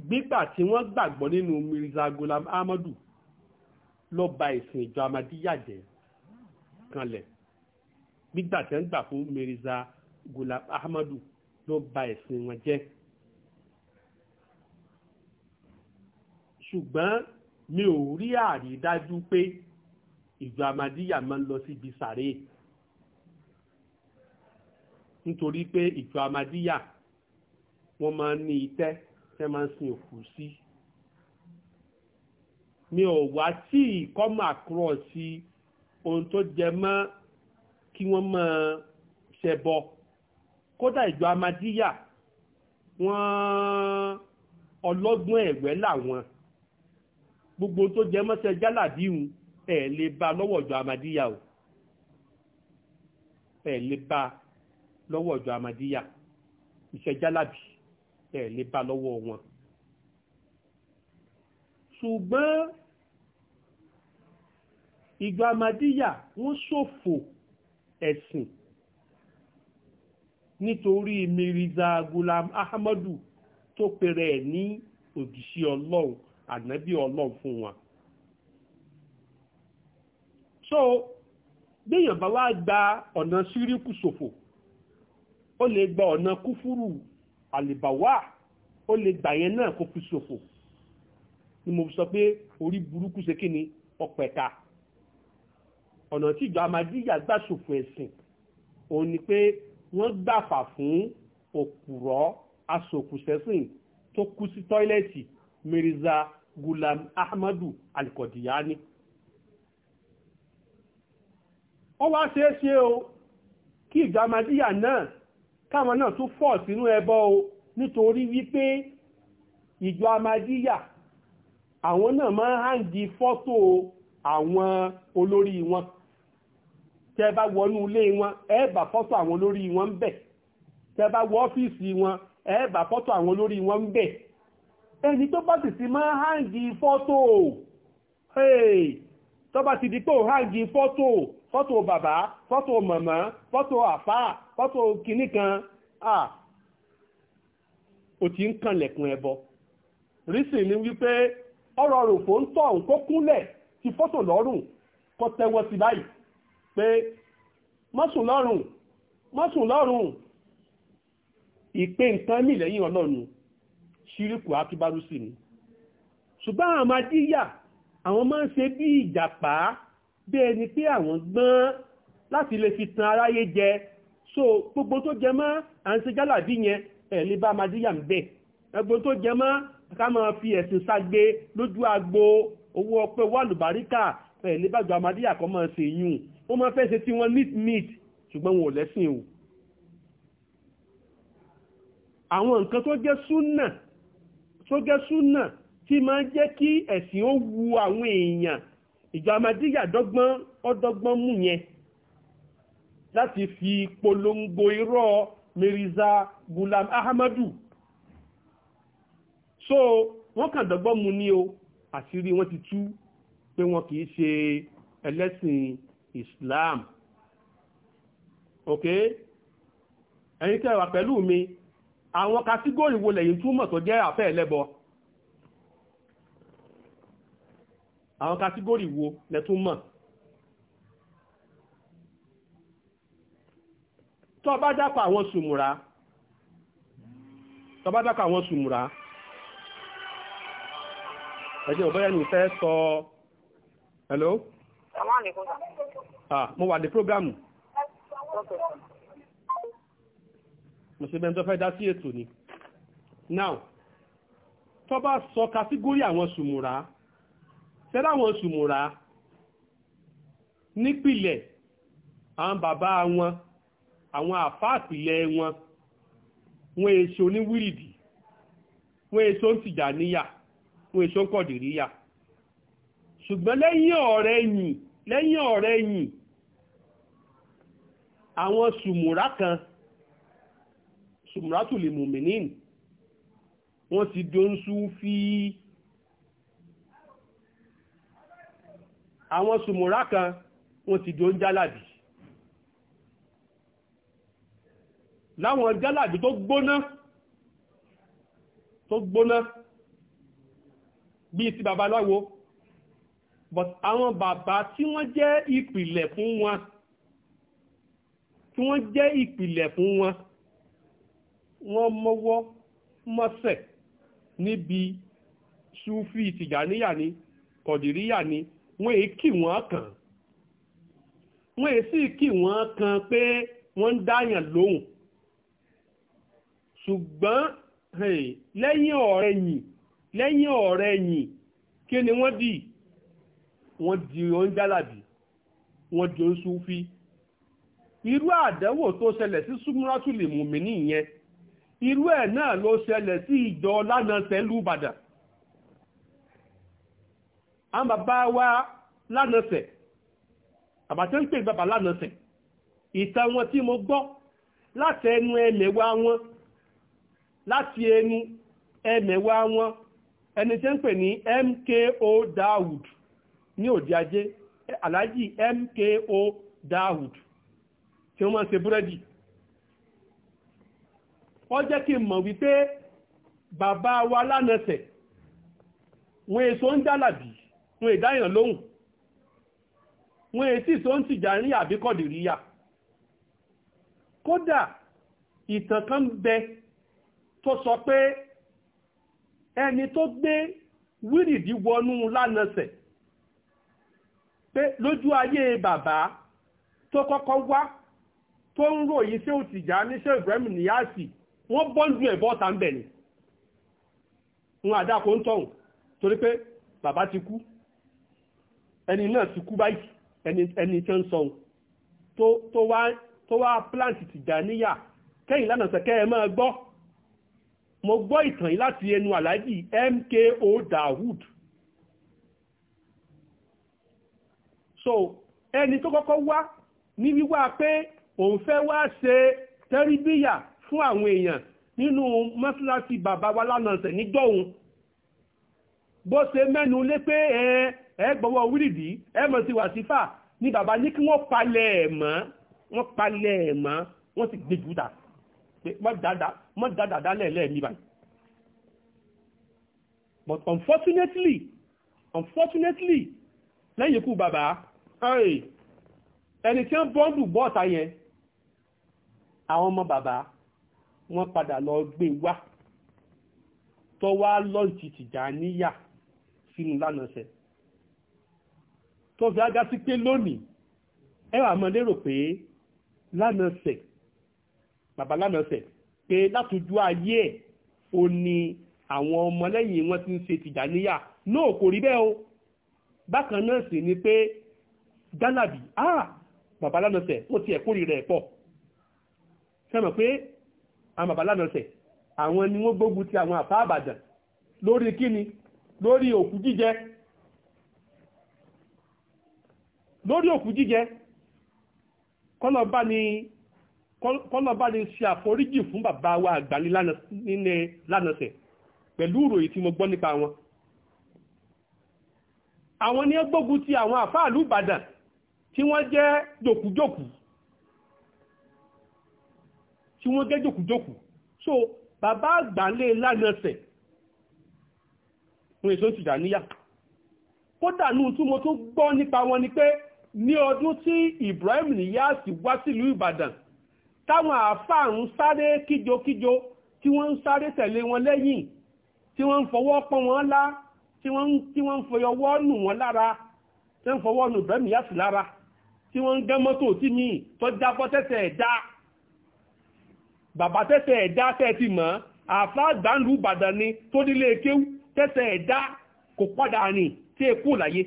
gbígbà tí wọ́n gbàgbọ́ nínú Mirza Ghulam Ahmadu ló ba ìsìn ìjọ Ahmadiyya jẹ́ kanlẹ̀ gbígbà tí wọ́n gbà fún Mirza Ghulam Ahmadu ló ba ìsìn wọn jẹ́ ṣùgbọ́n mi ò rí àrídájú pé ìjọ Ahmadiyya máa ń lọ síbi sàréè nítorí pé ìjọ Ahmadiyya wọ́n máa ń ní itẹ́ tẹ́ máa ń sin òkú sí mi ò wá tí come across sí ohun tó jẹ mọ́ kí wọ́n máa ṣẹbọ kódà ìjọ amadíyà wọ́n ọlọ́gbọ́n ẹ̀wẹ́ làwọn gbogbo tó jẹ mọ́ṣẹ́ jálàbíhun ẹ̀ lè ba lọ́wọ́ ìjọ amadíyà o ẹ̀ lè ba lọ́wọ́ ìjọ amadíyà ìṣẹ́ jálàbí ẹ̀ lè bá lọ́wọ́ wọn ṣùgbọ́n ìgbà Ahmadiyya wọ́n ṣòfò ẹ̀sìn nítorí Mirza Gulam Ahmadu tó pèrè ẹ̀ ní òjìṣẹ́ ọlọ́run ànábì ọlọ́run fún wọn so gbéyàn bá wá gba ọ̀nà síríkù ṣòfò ó lè gba ọ̀nà kúfúrú àlèbàwà ó lè gbà yẹn náà kó fi ṣòfò ni mo sọ pé orí burúkú ṣe kí ni ọ̀pẹ̀ka ọ̀nà tí ìjọ amadíyà gbà ṣòfò ẹ̀sìn òun ni pé wọ́n gbàfà fún òpùrọ́ asòkùsẹ́sìn tó kú sí tọ́ílẹ̀tì mirza gulam ahmadu alikọ̀dìyàní ó wá ṣeé ṣe o kí ìjọ amadíyà náà káwọn náà tún fọ̀ sínú ẹbọ o nítorí wípé ìjọ amadíyà àwọn náà máa ń hàǹdí fọ́tò àwọn olórí wọn tẹ́ bá wọnú ilé wọn ẹ bá fọ́tò àwọn olórí wọn ń bẹ tẹ́ bá wọ ọ́fíìsì wọn ẹ bá fọ́tò àwọn olórí wọn ń bẹ ẹni tó bá sì ti máa ń hàǹdí fọ́tò tó bá ti di pé ò hàǹdí fọ́tò fọ́tò bàbá fọ́tò màmá fọ́tò àfáà fọ́tò kìnnìkan Ah, ò ti ń kànlẹ̀kùn ẹbọ rísì ni wípé ọ̀rọ̀ ròfò ń tọ̀ kó kúnlẹ̀ ti fọ́tò lọ́rùn kó tẹ́wọ́ sí báyìí pé mọ́sùn lọ́rùn mọ́sùn lọ́rùn ìpè nǹkan mì lẹ́yìn ọlọ́run ṣíríkù akíbárú sí ni ṣùgbọ́n àwọn amadíyà àwọn máa ń ṣe bí ìjàpá bí ẹni pé àwọn gbọ́n láti lè fi tan aráyé jẹ so gbogbo tó jẹ mọ́ àǹsígálà bí yẹn ẹ̀ lè bá amadíyà ń bẹ̀ gbogbo tó jẹ mọ́ ká máa fi ẹ̀sìn ságbe lójú agbo owó ọpẹ́ wà lùbáríkà ẹ̀ lè bá jọ amadíyà kọ́ máa ṣe yún wọ́n máa fẹ́ ṣe tí wọ́n meet meet ṣùgbọ́n wọn ò lẹ́sìn o àwọn nǹkan tó jẹ́ súnà tó jẹ́ súnà tí máa ń jẹ́ kí ẹ̀sìn ó wu àwọn èèyàn ìjọ amadíyà dọ́gbọ́n ọdọ́gbọ́n mú yẹn láti fi polongo irọ́ Meriza Gulam Ahmadu so wọ́n kàn dọ́gbọ́n mu ní o àṣírí wọn ti tú pé wọn kì í ṣe ẹlẹ́sìn Islam ok ẹ̀yin tẹ́ wà pẹ̀lú mi àwọn kàtígórì wo lẹ̀yin túmọ̀ tó jẹ́ àfẹ́ ẹlẹ́bọ àwọn kàtígórì wo lẹ tún mọ̀ tó bá dápọ̀ àwọn sùmùrà tó bá dápọ̀ àwọn sùmùrà ẹ̀jẹ̀ òbẹ́yẹ ni fẹ́ sọ hello ah mo wà ní prógámù mo ṣe bẹ́ẹ̀ tó fẹ́ dá sí ètò ni now tó bá sọ kàtígórí àwọn sùmùrà tẹ́lá àwọn sùmùrà nípìlẹ̀ àwọn bàbá wọn àwọn àfáàpìlẹ̀ wọn wọn èso ní wíìdì wọn èso ń tìjà níyà wọn èso ń kọ̀dìríyà ṣùgbọ́n lẹ́yìn ọ̀rẹ́ yìn lẹ́yìn ọ̀rẹ́ yìn àwọn sùmùrà kan sùmùrà tùlì mùmìnín wọ́n ti dóńsú fi àwọn sùmùrà kan wọ́n ti dóńjálàbì láwọn jálàbí tó gbóná tó gbóná bí ti babaláwo but àwọn bàbá tí wọ́n jẹ́ ìpìlẹ̀ fún wọn tí wọ́n jẹ́ ìpìlẹ̀ fún wọn wọ́n mọ́wọ́ mọ́sẹ̀ níbi ṣúfì tìjàníyà ni kọ̀dìríyà ni wọ́n èé kì wọ́n kàn wọ́n èé sì kì wọ́n kàn pé wọ́n dáyàn lóhùn ṣùgbọ́n lẹ́yìn ọ̀rẹ́ yìí lẹ́yìn ọ̀rẹ́ yìí kí ni wọ́n dì wọ́n di oúnjálàbí wọ́n di oúnṣúfí irú àdánwò tó ṣẹlẹ̀ sí súnmúrátùlì mùmí nìyẹn irú ẹ̀ náà ló ṣẹlẹ̀ sí ìjọ lánàṣẹ́ lùbàdàn àwọn bàbá wa lánàṣẹ́ àbàtẹ́ ń pè bàbá lánàṣẹ́ ìtàn wọn tí mo gbọ́ láti ẹnu ẹlẹ́wà wọn láti ẹnu ẹmẹ̀wá wọn ẹni tí ń pè ní MKO Dawud ní òde ajé aláàjì MKO Dawud tí wọ́n máa ń ṣe búrẹ́dì wọ́n jẹ́ kí n mọ̀ wípé bàbá wa lánàṣẹ̀ wọn èso ń jálàbí wọn èdáyàn lóhùn wọn èsì tó ń tìjà ní àbíkọ̀dìríyà kódà ìtàn bẹ́ẹ̀ tó sọ pé ẹni tó gbé wírìdì wọnú lánàṣẹ̀ pé lójú ayé bàbá tó kọ́kọ́ wá tó ń ròyìn sí òtìjà níṣẹ́ Ibrahim Niyasi wọ́n bọ́ǹdù ẹ̀ bọ́ta ń bẹ̀ ni wọn àdáko ń tọ̀hún torí pé bàbá ti kú ẹni náà ti kú báyìí ẹni tó ń sọun tó wá plant Tìjàníyà kẹ́yìn lánàṣẹ̀ kẹ́ ẹ máa gbọ́ mo gbọ́ ìtàn yìí láti ẹnu aláàjì MKO Dawood so ẹni tó kọ́kọ́ wá ní wíwá pé òun fẹ́ wá ṣe tẹ́ríbíyà fún àwọn èèyàn nínú mọ́sálásí bàbá wa lánàṣẹ̀ nígbọ̀hún bó ṣe mẹ́nu lé pé ẹ ẹ gbọ́wọ́ wíìdì ẹ mọ̀ sí wàsífà ni bàbá ní kí wọ́n palẹ̀ ẹ̀ mọ́ wọ́n palẹ̀ ẹ̀ mọ́ wọ́n sì gbéjú ta pé mọ́ dáadáa dálẹ̀ lẹ́ẹ̀mí báyìí but unfortunately unfortunately lẹ́yìn ikú bàbá ẹni tí wọ́n bọ́ǹdù bọ́ọ̀ta yẹn àwọn ọmọ bàbá wọ́n padà lọ gbé e wá tó wá lọ́ọ̀tì Tìjàníyà sínú lánàṣẹ́ tó fi ágá sí pé lónìí ẹwà mọ́ lérò pé lánàṣẹ́ bàbá lánà ọ̀sẹ̀ pé látọjú ayé ẹ̀ o ní àwọn ọmọlẹ́yìn wọn ti ń ṣe tìjàníyà náà kò rí bẹ́ẹ̀ o bákan náà sì ni pé jálàbí ah bàbá lánà ọ̀sẹ̀ ó ti ẹ̀kórì rẹ̀ pọ̀ sẹ́mọ̀ pé àwọn bàbá lánà àwọn ni wọ́n gbógun ti àwọn àfáà àbàdàn lórí kíni lórí òkú jíjẹ lórí òkú jíjẹ kọ́nà bá ni kọ́nà bá lè ṣe àforíjì fún bàbá wa àgbà ní lánàṣẹ̀ pẹ̀lú ìròyìn tí mo gbọ́ nípa wọn àwọn ni gbógun ti àwọn àfáàlú Ìbàdàn tí wọ́n jẹ́ jòkújòkú tí wọ́n jẹ́ jòkújòkú so bàbá àgbà lè lánàṣẹ̀ fún èso ìtìjà níyà kódà ní tí mo tún gbọ́ nípa wọn ni pé ní ọdún tí Ibrahim Niyas wá sílùú Ìbàdàn táwọn àáfàá ń sáré kíjokíjo tí wọ́n ń sáré tẹ̀lé wọn lẹ́yìn tí wọ́n ń fọwọ́ pọ́n wọn lá tí wọ́n ń fọyọwọ́ nù wọn lára tí wọ́n ń fọwọ́ nù bẹ́ẹ̀ mìíyàsì lára tí wọ́n ń gán mọ́tò tí mi tó jábọ́ tẹ́tẹ̀ ẹ̀dá bàbá tẹ́tẹ̀ ẹ̀dá tẹ́ ti mọ̀ àáfàá àgbàǹdù Ìbàdàn ni tó nílé kéwú tẹ́tẹ̀ ẹ̀dá kò padà rìn tí èkó láyé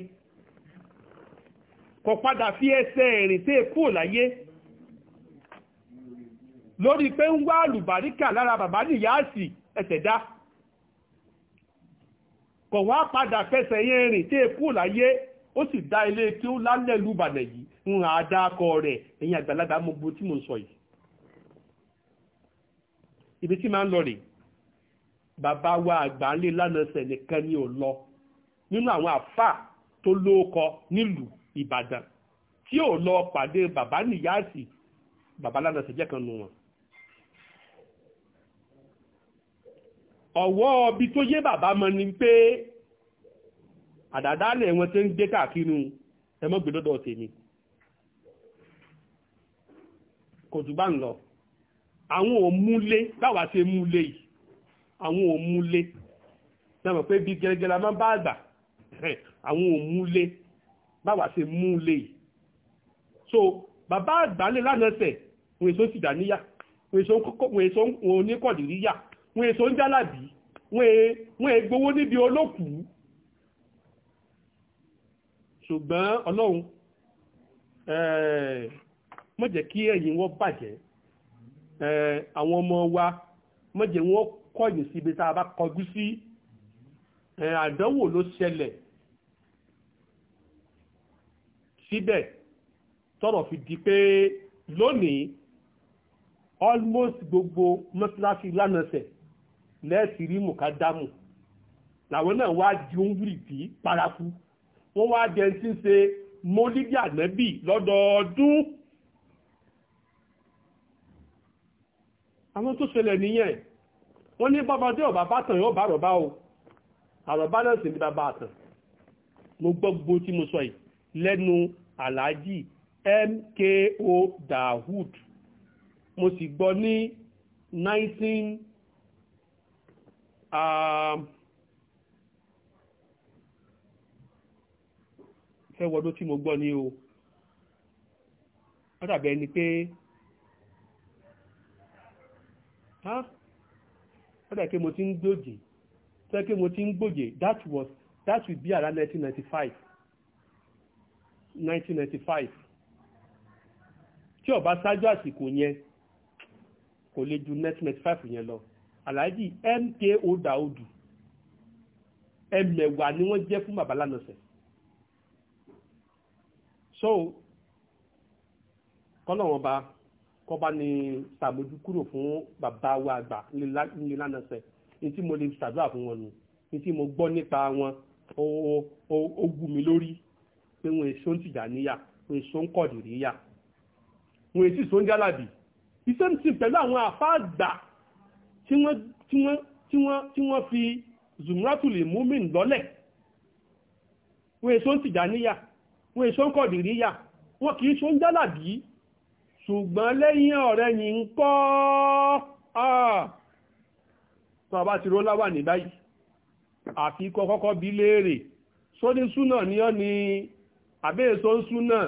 kò padà fi ẹsẹ̀ rìn tí èkó láyé lórí pé ń wá àlùbáríkà lára bàbá níyàásì ẹ̀tẹ̀dá kọ̀ wá padà fẹsẹ̀ yẹn rìn tí èkú láyé ó sì dá ilé kí ó lálẹ́ lùbàdàn yìí ń hàn àdákọ rẹ̀ ẹ̀yìn àgbàlagbà mo tí mo sọ yìí ibi tí máa ń lọ rèé bàbá wa àgbà ńlẹ̀ lánàṣẹ̀ nìkan ni ò lọ nínú àwọn àfà tó lóókọ nílùú Ìbàdàn tí ò lọ pàdé bàbá níyàásì bàbá lánàṣẹ̀ jẹ́ kan nù wọn ọ̀wọ́ ọbí tó yé bàbá mọ́ ni pé àdàdálẹ̀ wọn tí ń gbé káàkiri ẹmọ́gbé lọ́dọ̀ tèmi kò jù bá ń lọ àwọn òmúlé báwa ṣe múlé yìí àwọn òmúlé sẹ́mọ̀ pé bí gẹ́gẹ́ la máa bá àgbà àwọn òmúlé báwa ṣe múlé yìí so bàbá àgbà lè lánàá sẹ̀ wọ́n èso tìdà níyà wọ́n èso oníkọ̀dìríyà wọn èso ń jálàbí wọn è e, e gbowó níbi olókùú ṣùgbọ́n ọlọ́run eh, má jẹ́ kí ẹ̀yìn wọn bàjẹ́ eh, àwọn ọmọ wa má jẹ́ wọn kọ̀yìn síbi tá a bá kọjú sí eh, àdánwò ló ṣẹlẹ̀ síbẹ̀ tọ́rọ̀ fi di pé lónìí almost gbogbo mọ́sálásí lánàá sẹ̀ lẹ́ẹ̀sì rí mùkádámù làwọn náà wá di oúnjẹ ìdí paraku wọ́n wá jẹ tí ń ṣe mólídìí ànẹ́bì lọ́dọọdún àwọn tó ṣẹlẹ̀ nìyẹn wọ́n ní bàbá dé ọ̀bá bá tàn yóò bá rọ̀bá o àrọ̀bá náà sì ní bàbá àtàn mo gbọ́ tí mo sọ yìí lẹ́nu aláàjì mko dahood mo sì gbọ́ ní 19 Um, fẹ́ wọdún tí mo gbọ́ ní o wọ́n dàbẹ̀ ni pé wọ́n dàbẹ̀ pé mo ti ń gbòjè tẹ́ pé mo ti ń gbòjè that was that will be around 1995 1995 tí ó bá ṣáájú àsìkò yẹn kò lè ju 1995 yẹn lọ aláàjì mko daudu ẹmẹ̀wà ni wọ́n jẹ́ fún bàbá lánàṣẹ́ so kọ́nà wọn bá kọ́ba ni sàmójúkúrò fún bàbá wa àgbà nílé lánàṣẹ́ ní tí mo lè ṣàdúrà fún wọn nù ní tí mo gbọ́ nípa wọn ó wù mí lórí pé wọn èso ń tìjà níyà wọn èso ń kọ̀dìrí yà wọn èsì sóńjálàbì iṣẹ́ ń sìn pẹ̀lú àwọn àfáàgbà tí wọ́n tí wọ́n tí wọ́n tí wọ́n fi zumratul mumin lọ́lẹ̀ wọ́n èso ń tìjàníyà wọ́n èso ń kọ̀dìríyà wọ́n kìí so ń jálàbí ṣùgbọ́n lẹ́yìn ọ̀rẹ́ yìí ń kọ́ tó bá ti rólá wà ní báyìí àfi kọ́kọ́kọ́ bí léèrè só ní súnà ní ọ́ ni àbẹ́ èso ń súnà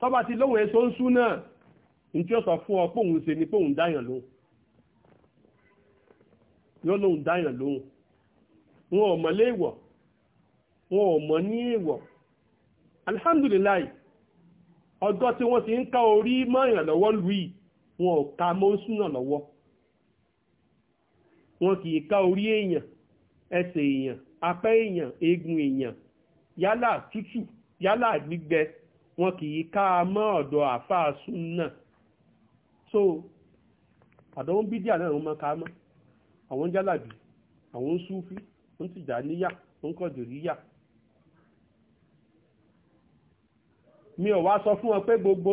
tó bá ti lóhun èso ń súnà ní tí ó sọ fún ọ póhun ṣe ni póhun dáyàn lóhun yóò lóun dáyàn lóhùn wọn ò mọ̀ léèwọ̀ wọn ò mọ̀ ní èèwọ̀ alihamdulilayi ọjọ́ tí wọ́n ti ń ká orí mọ́yàn lọ́wọ́ lù í wọn ò ka mọ́súnà lọ́wọ́ wọn kì í ká orí èèyàn ẹsẹ̀ èèyàn apá èèyàn eegun èèyàn yálà tútù yálà gbígbẹ wọn kì í ká mọ́ ọ̀dọ̀ àfáà súnà so àdánwò bídíà náà wọ́n máa ká mọ́ àwọn jálàbì àwọn súfí ń tìjà níyà ń kọ̀dìríyà mi ò wá sọ fún ọ pé gbogbo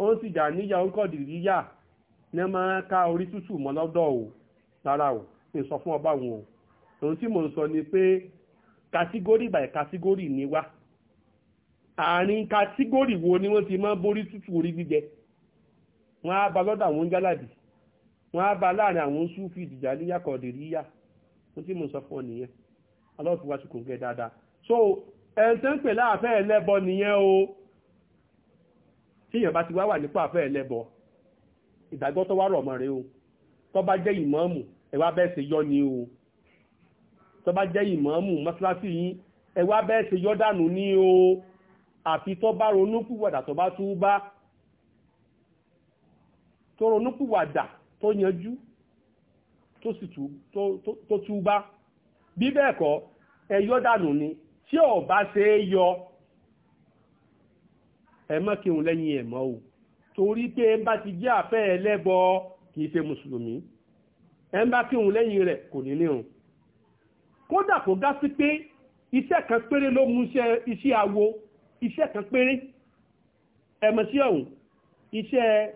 ohun tìjà níyà ń kọ̀dìríyà ní máa ká orí tútù mọ́ lọ́dọ̀ o rárá o ní sọ fún ọba wọn o ohun tí mò ń sọ ni pé kàtígórì by kàtígórì ni wá àárín kàtígórì wo ni wọ́n ti máa borí tútù orí gbígbẹ wọ́n á ba lọ́dọ̀ àwọn jálàbì wọ́n á ba láàrin àwọn súfì tìjàníyà kọ̀dìríyà wọ́n tí mo sọ fún ọ nìyẹn ọlọ́run gẹ́ so ẹni ń pè láàfẹ́ nìyẹn o tí èèyàn bá ti wá wà nípò àfẹ́ ẹlẹ́bọ tó wá o tó bá jẹ́ ìmọ̀ọ́mù ẹ wá bẹ́ẹ̀ ni o tó bá jẹ́ ìmọ̀ọ́mù mọ́ṣáláṣí yín ẹ wá ni o àfi tó bá tó bá bá tó tó yanjú tó sì tó túbá bí bẹ́ẹ̀ kọ́ ẹyọ dànù ni tí ò bá ṣe é yọ ẹ mọ́ kí òun lẹ́yìn ẹ̀ mọ́ o torí pé ẹ bá ti jẹ́ àfẹ́ ẹlẹ́bọ kì í ṣe mùsùlùmí ẹ bá kí òun lẹ́yìn rẹ̀ kò ní nírun kódà kò gá sí pé iṣẹ́ kan péré ló mú iṣẹ́ awo iṣẹ́ kan péré ẹ̀mọ̀ sí ọ̀hún iṣẹ́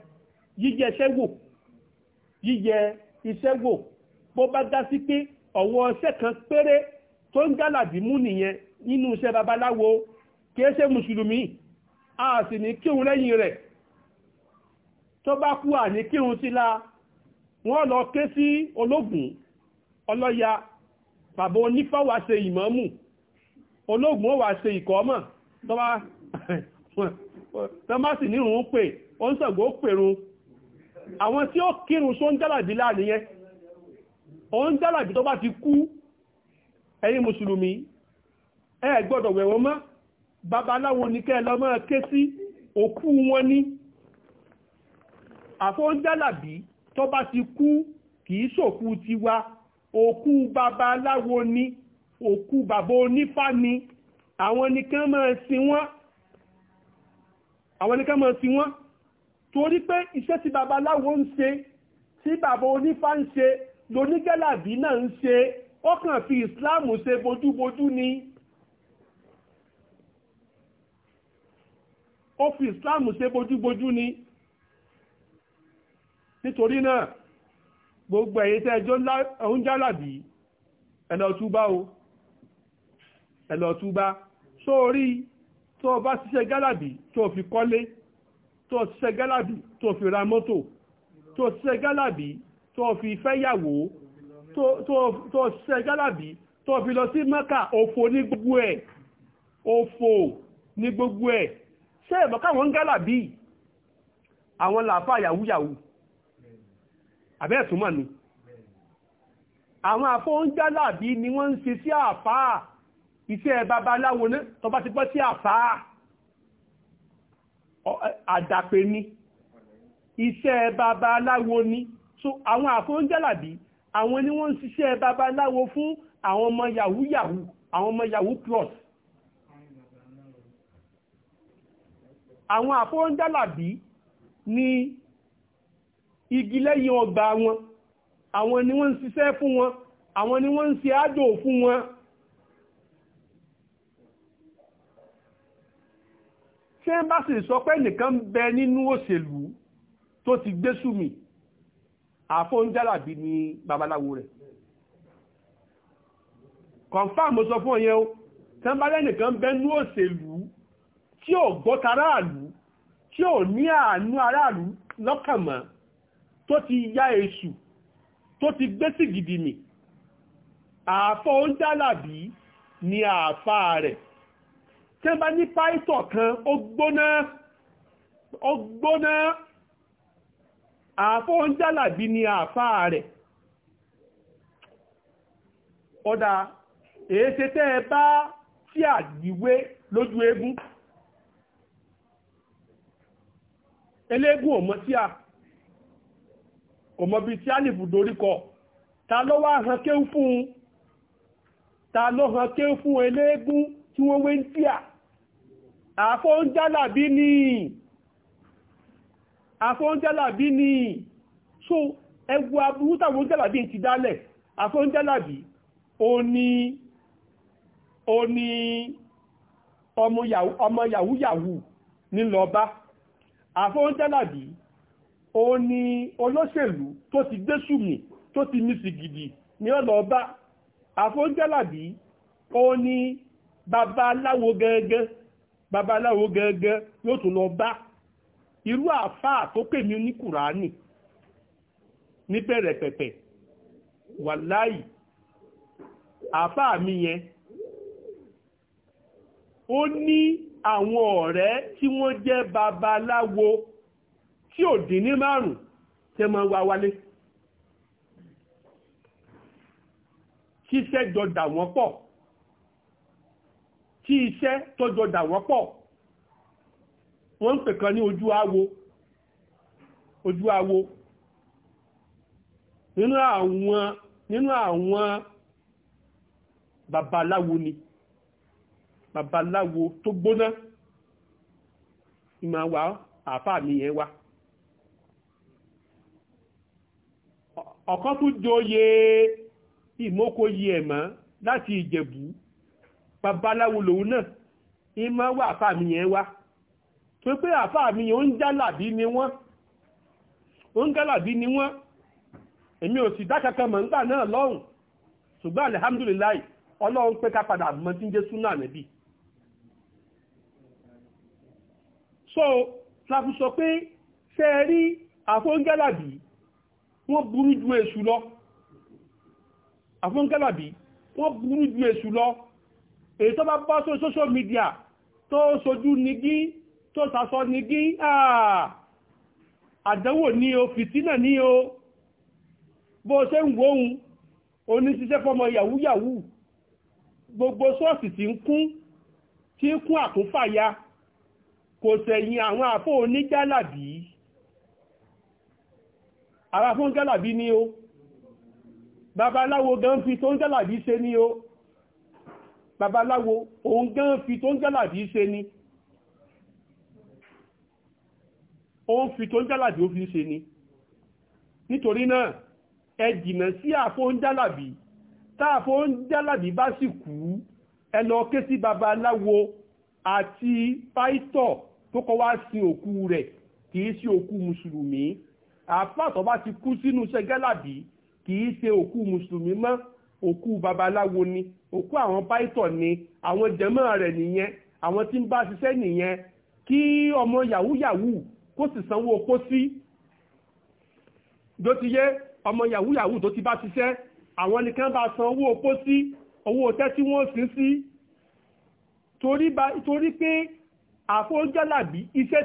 jíjẹṣẹ́ wò yíyẹ iṣẹ́ wò bó bá dá sí pé ọ̀wọ́ iṣẹ́ kan péré tó ń gálàdì mú nìyẹn nínú iṣẹ́ babaláwo kìí ṣe mùsùlùmí a sì ní kírun lẹ́yìn rẹ̀ tó bá kú à ní kírun sí la wọ́n lọ ké sí ológun ọlọ́ya bàbá onífá wá ṣe ìmámù ológun ó wá ṣe ìkọ́mọ̀ tó bá sì nírun pè ó ń sọ̀gbọ́ pèrun àwọn tí ó kírun só ń jálàbí láàrin yẹn ó ń jálàbí tó bá ti kú ẹ̀yin mùsùlùmí ẹ gbọ́dọ̀ wẹ̀ wọ́n mọ́ babaláwo ní kẹ́ lọ máa ké sí òkú wọn ní àfọ́ ń jálàbí tó bá ti kú kìí ṣòkú tiwa òkú babaláwo ní òkú bàbá onífá ni àwọn nìkan máa sin wọ́n torí pé iṣẹ́ tí babaláwo ń ṣe tí bàbá onífá ń ṣe lónígẹ́làbí náà ń ṣe ó kàn fi ìsìláàmù ṣe bojúbojú ni ó fi ìsìláàmù ṣe bojúbojú ni nítorí náà gbogbo ẹ̀yin tẹ́ ẹjọ́ oúnjẹ́làbí ẹ lọ túbá o ẹ lọ túbá tó o ṣiṣẹ́ gálàbí tó fi kọ́lé tó ṣiṣẹ́ gálàbì tó fi ra mọ́tò tó ṣiṣẹ́ gálàbì tó fi fẹ́yàwó tó ṣiṣẹ́ gálàbì tó fi lọ sí mẹ́kà òfò ní gbogbo ẹ̀ òfò ní gbogbo ẹ̀ ṣé ẹ̀mọ́ káwọn gálàbì àwọn làáfà yàwúyàwú àbẹ́ ẹ̀túnmọ̀ ni àwọn àfóúnjálàbí ni wọ́n ń ṣe sí àfáà iṣẹ́ babaláwo náà tó bá ti pọ́ sí àfáà àdàpé ní iṣẹ́ babaláwo ní so àwọn àfọ́njálàbí àwọn ni wọ́n ń ṣiṣẹ́ babaláwo fún àwọn ọmọ yahoo yahoo àwọn ọmọ yahoo plus àwọn àfọ́njálàbí ní igi lẹ́yìn ọgbà wọn àwọn ni wọ́n ń ṣiṣẹ́ fún wọn àwọn ni wọ́n ń ṣe àdó fún wọn tí wọ́n bá sì sọ pé nìkan ń bẹ nínú òṣèlú tó ti gbé súnmì àfóúnjálàbí ni babaláwo rẹ̀ kọ̀nfàmù sọ fún ọyẹ́ o tí wọ́n bá lẹ́nìkan ń bẹ nínú òṣèlú tí ò gbọ́ta aráàlú tí ò ní àánú aráàlú lọ́kànmọ́ tó ti ya èṣù tó ti gbé sí gidi mi àfóúnjálàbí ni àfáà rẹ̀ tí wọ́n bá ní pàìtọ̀ kan ó gbóná ó gbóná àfọ́ ń jálàbí ni àfáà rẹ̀ ọ̀dà èéṣe tẹ́ ẹ bá tí àdíwé lójú eégún eléégún ọmọ tí a ọmọ bíi tí a lè fò doríkọ ta ló wá hàn kéhùn fún un ta ló hàn kéhùn fún eléégún tí wọ́n wé ń tí a àfóúnjálàbí ni àfóúnjálàbí ni so ẹgbù aburú tàbóúnjálàbí ti dálẹ̀ àfóúnjálàbí ó ní ó ní ọmọ yàwúyàwú nílọ́bá àfóúnjálàbí ó ní olóṣèlú tó ti gbésùmì tó ti mísì gidi ní ọlọ́bá àfóúnjálàbí ó ní babaláwo gẹ́gẹ́ babaláwo gẹ́gẹ́ yóò tún lọ bá irú àfáà tó pè mí ní kùránì ní bẹ̀rẹ̀ pẹ̀pẹ̀ wàláì àfáà mi yẹn ó ní àwọn ọ̀rẹ́ tí wọ́n jẹ́ babaláwo tí ò dín ní márùn tẹ́ máa wá wálé ṣíṣẹ́ jọ dà wọ́n pọ̀ tí iṣẹ́ tọ́jọ dà wọ́n pọ̀ wọ́n ń pè kan ní ojú awo ojú awo nínú àwọn nínú àwọn babaláwo ni babaláwo tó gbóná ìmọ̀ wa àfáà mi yẹn wá ọ̀kan tó jọyè ìmókòyè ẹ̀mọ́ láti ìjẹ̀bú babaláwo lòun náà ìmọ̀ wà àfà mi yẹn wá tó pé àfà mi yẹn ó ń jálàbí ni wọ́n ó ń jálàbí ni wọ́n èmi ò sì dákankan mọ̀ nígbà náà lọ́hùn ṣùgbọ́n alihamdulilayi ọlọ́run pé ká padà mọ̀ tí ń jẹ́ súnà níbí so láti sọ pé ṣe rí àfóńgálàbí wọ́n burú ju èṣù lọ àfóńgálàbí wọ́n burú ju èṣù lọ èyí tó bá bọ́ sórí social media tó sojú nigí tó sàsọ nigí ah, àdánwò ní o fìtínà ní o bó ṣe ń wóhun oníṣiṣẹ́ fọmọ yahoo yahoo gbogbo ṣọ́ọ̀ṣì tí ń kún tí ń kún àkúfàya kò sẹ̀yìn àwọn àfó onígálàbí ara fún gálàbí ni o babaláwo gan fi tó ń gálàbí ṣe ni o babaláwo òun gán fi tó ń jálàbí ṣe ni òun fi tó ń jálàbí ó fi ṣe ni nítorí náà ẹ jìnà sí àfóúnjálàbí tá àfóúnjálàbí bá sì kú ẹ lọ ké sí babaláwo àti pásítọ̀ tó kọ́ wá sin òkú rẹ̀ kìí ṣe òkú mùsùlùmí àfáàtọ̀ bá ti kú sínú ṣẹgálàbí kìí ṣe òkú mùsùlùmí mọ́ òkú babaláwo ni òkú àwọn pító ni àwọn jẹ̀mọ́ rẹ̀ nìyẹn àwọn tí ń bá ṣiṣẹ́ nìyẹn kí ọmọ yahoo yahoo kó sì sanwó okó sí tó ti yé ọmọ yahoo yahoo tó ti bá ṣiṣẹ́ àwọn nìkan bá san owó okó sí owó ọtẹ́ tí wọ́n sin sí torí pé àfọ́jọ́làbí iṣẹ́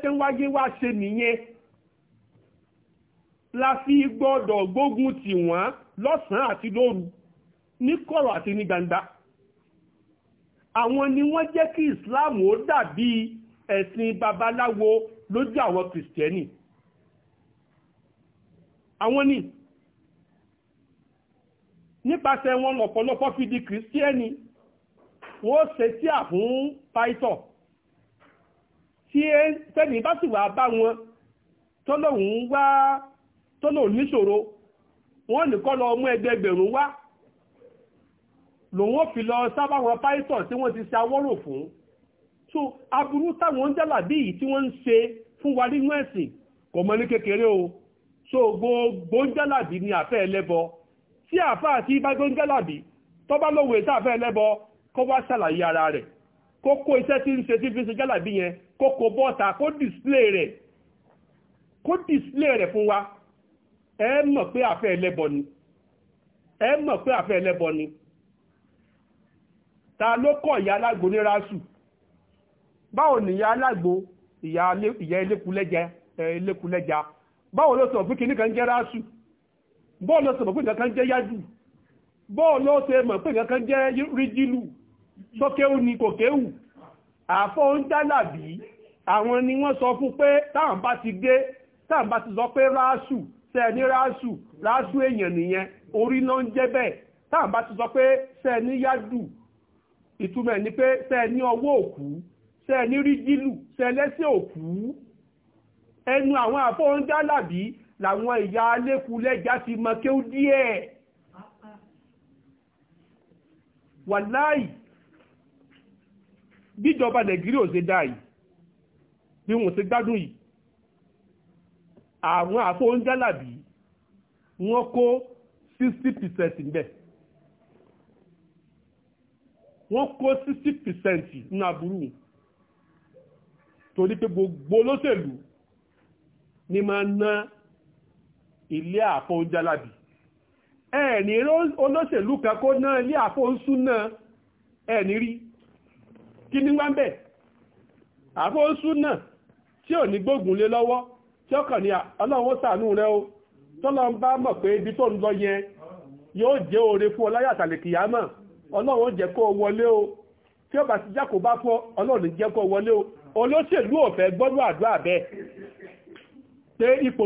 tí ń wáyé wá ṣe nìyẹn la fi gbọ́dọ̀ gbógun tì wọ́n lọ́sàn-án àti lóru ní kọ̀rọ̀ àti ní gbangba àwọn ni wọ́n jẹ́ kí Islam ó dàbí ẹ̀sìn babaláwo lójú àwọn kìrìsìtẹ́nì àwọn ni nípasẹ̀ wọn ọ̀pọ̀lọpọ̀ fi di kìrìsìtẹ́nì wọ́n ṣe tí à fún pító tí tẹ́ni bá sì wà bá wọn tọ́lọ́hùn wá tọ́lọ́hùn níṣòro wọ́n ní kọ́ lọ ẹgbẹ́ ẹgbẹ̀rún wá lòun ó fi lọ sábàwọn pàìtọ̀ tí wọ́n ti ṣe awọ́rò fún so aburú táwọn ń jẹ́là bí tí wọ́n ń ṣe fún wa nínú ẹ̀sìn kò mọ ní kékeré o so gbogbo ń jẹ́là bí ni àfẹ́ ẹlẹ́bọ tí àfẹ́ àti ibágbó ń jẹ́là bí tó bá lówó ètò àfẹ́ ẹlẹ́bọ kó wá ṣàlàyé ara rẹ̀ kó kó iṣẹ́ tí ń ṣe tí fi ń ṣe jẹ́là bí yẹn kó kó bọ́ta kó display rẹ̀ kó display rẹ̀ fún wa ẹ mọ̀ pé àfẹ́ ẹlẹ́bọ ni ẹ mọ̀ pé àfẹ́ ẹlẹ́bọ ni ta ló kọ̀ ìyá alágbo ní rásù báwo ni ìyá alágbo ìyá elékulẹ́ja báwo ló sọ̀rọ̀ pé kìíní kan jẹ́ rásù báwo ló sọ̀rọ̀ pé kìíní kan jẹ́ yájú báwo ló ṣe mọ̀ pé kìíní kan jẹ́ ríjìlù sókèwù ni kòkèwù àfọ́ ń dálàbí àwọn ni wọ́n sọ fún pé táwọn bá ti dé táwọn bá ti sọ pé rásù ṣe ní ráṣù ráṣù èèyàn nìyẹn orí ló ń jẹ́ bẹ́ẹ̀ tá à ń bá ti sọ pé ṣe ní yádù ìtumọ̀ ni pé ṣe ní ọwọ́ òkú ṣe ní rígílù ṣe lẹ́sẹ̀ òkú ẹnu àwọn àfọ̀húndálàbí làwọn ìyá alékulẹ́já ti mọ kéú díẹ̀ wàláì bíjọba nàìjíríà ò ṣe dá yìí bí wọn ò ṣe gbádùn yìí àwọn àfọ̀njálàbí wọ́n kó sixty percent ńbẹ̀ wọ́n kó sixty percent nínú aburú torí pé gbogbo olóṣèlú ni máa ná ilé àfọ̀njálàbí ẹ̀ẹ̀ni olóṣèlú kan kó ná ilé àfọ̀nsúná ẹ̀ẹ̀ni rí kí ni wá ń bẹ̀ àfọ̀nsúná tí ò ní gbógun lé lọ́wọ́ tí ọkàn ní rẹ o tọ́lọ́run bá mọ̀ pé ibi tó ń lọ yẹn yóò jẹ́ oore fún ọláyà àtàlẹ̀kìyàmọ̀ ọlọ́run jẹ́ kó wọlé o tí ó bá kó wọlé o olóṣèlú ò fẹ́ gbọ́dọ̀ àdúrà bẹ́ẹ̀ pé ipò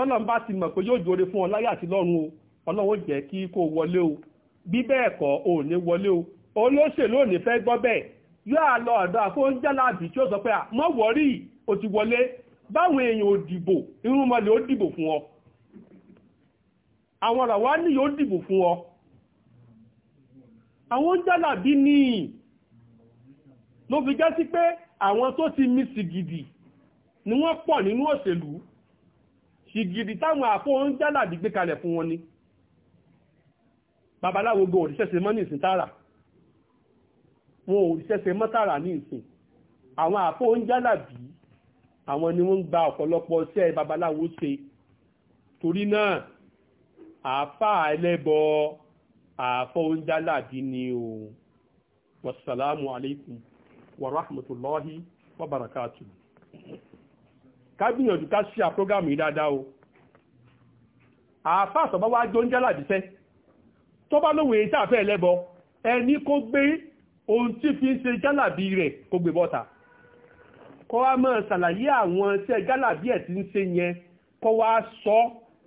o bá ti mọ̀ fún ọláyà àti lọ́run o ọlọ́run jẹ́ kí kó wọlé o bí bẹ́ẹ̀ kọ́ wọlé o olóṣèlú ò fẹ́ gbọ́ bẹ́ẹ̀ yóò lọ ọ̀dọ̀ àfóúnjálàbì tí ó sọ pé à wọ́rí ò ti wọlé báwọn èèyàn ò dìbò irúnmọlẹ̀ ó dìbò fún ọ àwọn ọ̀rọ̀ wá ní yóò dìbò fún ọ àwọn jálàbí ní ló fi já sí pé àwọn tó ti mí sìgìdì ni wọ́n pọ̀ nínú òṣèlú sìgìdì táwọn àpò ń jálàbí gbé kalẹ̀ fún wọn ni babaláwo go òrìṣẹ́ṣe mọ́ ní ìsìn tààrà wọn òrìṣẹ́ṣe mọ́ tààrà ní ìsìn àwọn àpò ń jálàbí àwọn ni wọ́n ń gba ọ̀pọ̀lọpọ̀ iṣẹ́ babaláwo ṣe torí náà àáfàá ẹlẹ́bọ àáfọ́ oúnjẹ aláàbí ni o wasalaamu alaikum wa rahmatulahi wa barakatu ká gbìyànjú ká ṣe àprógámù yìí dáadáa o àáfàá sọ̀bá wá jó oúnjẹ aláàbíṣẹ́ tó bá lóhun èyí tààfẹ́ ẹlẹ́bọ ẹni kó gbé ohun tí fi ń ṣe jálàbí rẹ̀ kó gbé bọ́ta kó wá máa ṣàlàyé àwọn iṣẹ́ gálàbí ẹ̀ tí ń ṣe yẹn kó wá sọ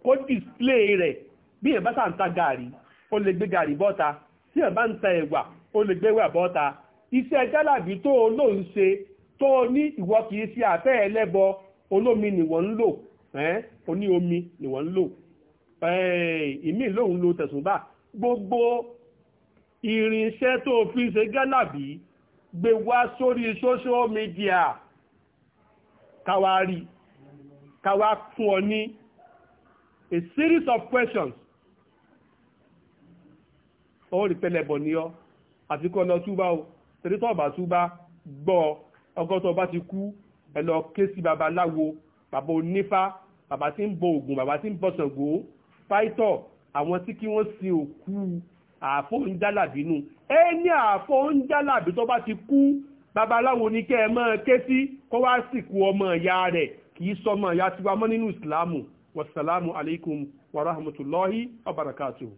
kó display rẹ̀ bí èèyàn bá sà ń ta gàrí ó lè gbé gàrí bọ́ta tí èèyàn bá ń ta ẹ̀wà ó lè gbé ẹ̀wà bọ́ta iṣẹ́ gálàbí tó o lò ń ṣe tó o ní ìwọ kì ṣe àfẹ́ ẹlẹ́bọ olómi nìwọ̀n ń lò oní omi nìwọ̀n ń lò ìmí lòun lo tẹ̀sùnbà gbogbo irinṣẹ́ tó o fi ṣe gálàbí gbé wá sórí social media káwá rí káwá fún ọ ní a series of questions ó rí pẹlẹbọ ní ọ àti kọ́ lọ túbá o torí tọ́ ọ̀bà túbá gbọ́ ọgọ́tọ̀ bá ti kú ẹ lọ ké sí babaláwo bàbá onífá bàbá tí ń bọ ògùn bàbá tí ń bọ Ṣàngó fáìtọ̀ àwọn tí kí wọ́n sin òkú àfóúnjálàbínú ẹni àfóúnjálàbí tó bá ti kú babaláwo ni kẹ́ ẹ máa ké sí kó wá sìnkú ọmọ ìyá rẹ̀ kì í sọmọ ìyá tiwa mọ́ nínú ìsìlámù wàsálàmù alaikum warahmatullahi wabarakatuhu.